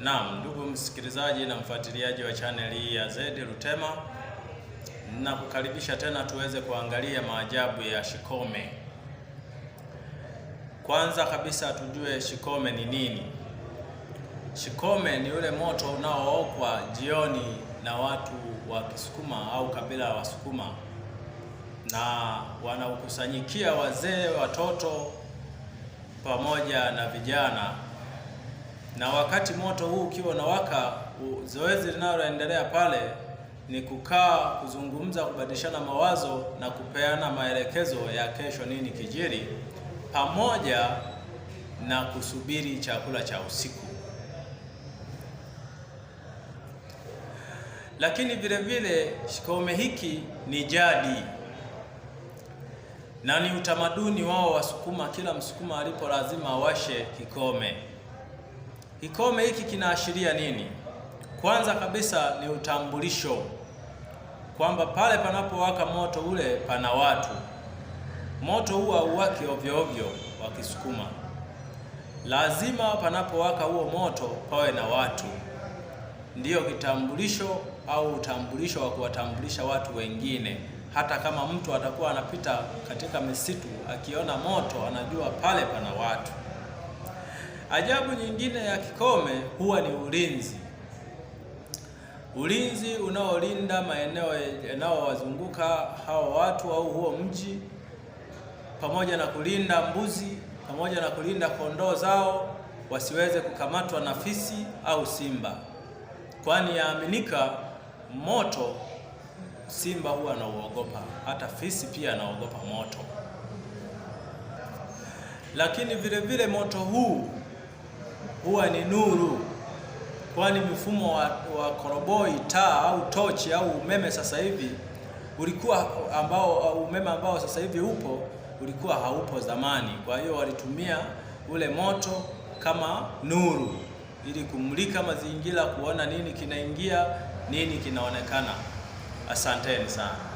Naam, ndugu msikilizaji na mfuatiliaji wa chaneli hii ya Zedi Rutema, nakukaribisha tena tuweze kuangalia maajabu ya Shikome. Kwanza kabisa tujue Shikome ni nini. Shikome ni ule moto unaookwa jioni na watu wa Kisukuma au kabila Wasukuma, na wanaokusanyikia wazee, watoto pamoja na vijana na wakati moto huu ukiwa unawaka, zoezi linaloendelea pale ni kukaa, kuzungumza, kubadilishana mawazo na kupeana maelekezo ya kesho nini kijiri, pamoja na kusubiri chakula cha usiku. Lakini vile vile kikome hiki ni jadi na ni utamaduni wao Wasukuma. Kila Msukuma alipo lazima awashe kikome. Kikome hiki kinaashiria nini? Kwanza kabisa ni utambulisho kwamba pale panapowaka moto ule pana watu. Moto huo hauwaki ovyo ovyo wakisukuma, lazima panapowaka huo moto pawe na watu. Ndiyo kitambulisho au utambulisho wa kuwatambulisha watu wengine. Hata kama mtu atakuwa anapita katika misitu akiona moto, anajua pale pana watu. Ajabu nyingine ya Kikome huwa ni ulinzi, ulinzi unaolinda maeneo yanayowazunguka hao watu au huo mji, pamoja na kulinda mbuzi, pamoja na kulinda kondoo zao wasiweze kukamatwa na fisi au simba, kwani yaaminika moto simba huwa anauogopa, hata fisi pia anaogopa moto. Lakini vile vile moto huu huwa ni nuru, kwani mfumo wa, wa koroboi taa au tochi au umeme sasa hivi ulikuwa ambao umeme ambao sasa hivi upo ulikuwa haupo zamani. Kwa hiyo walitumia ule moto kama nuru ili kumulika mazingira, kuona nini kinaingia, nini kinaonekana. Asanteni sana.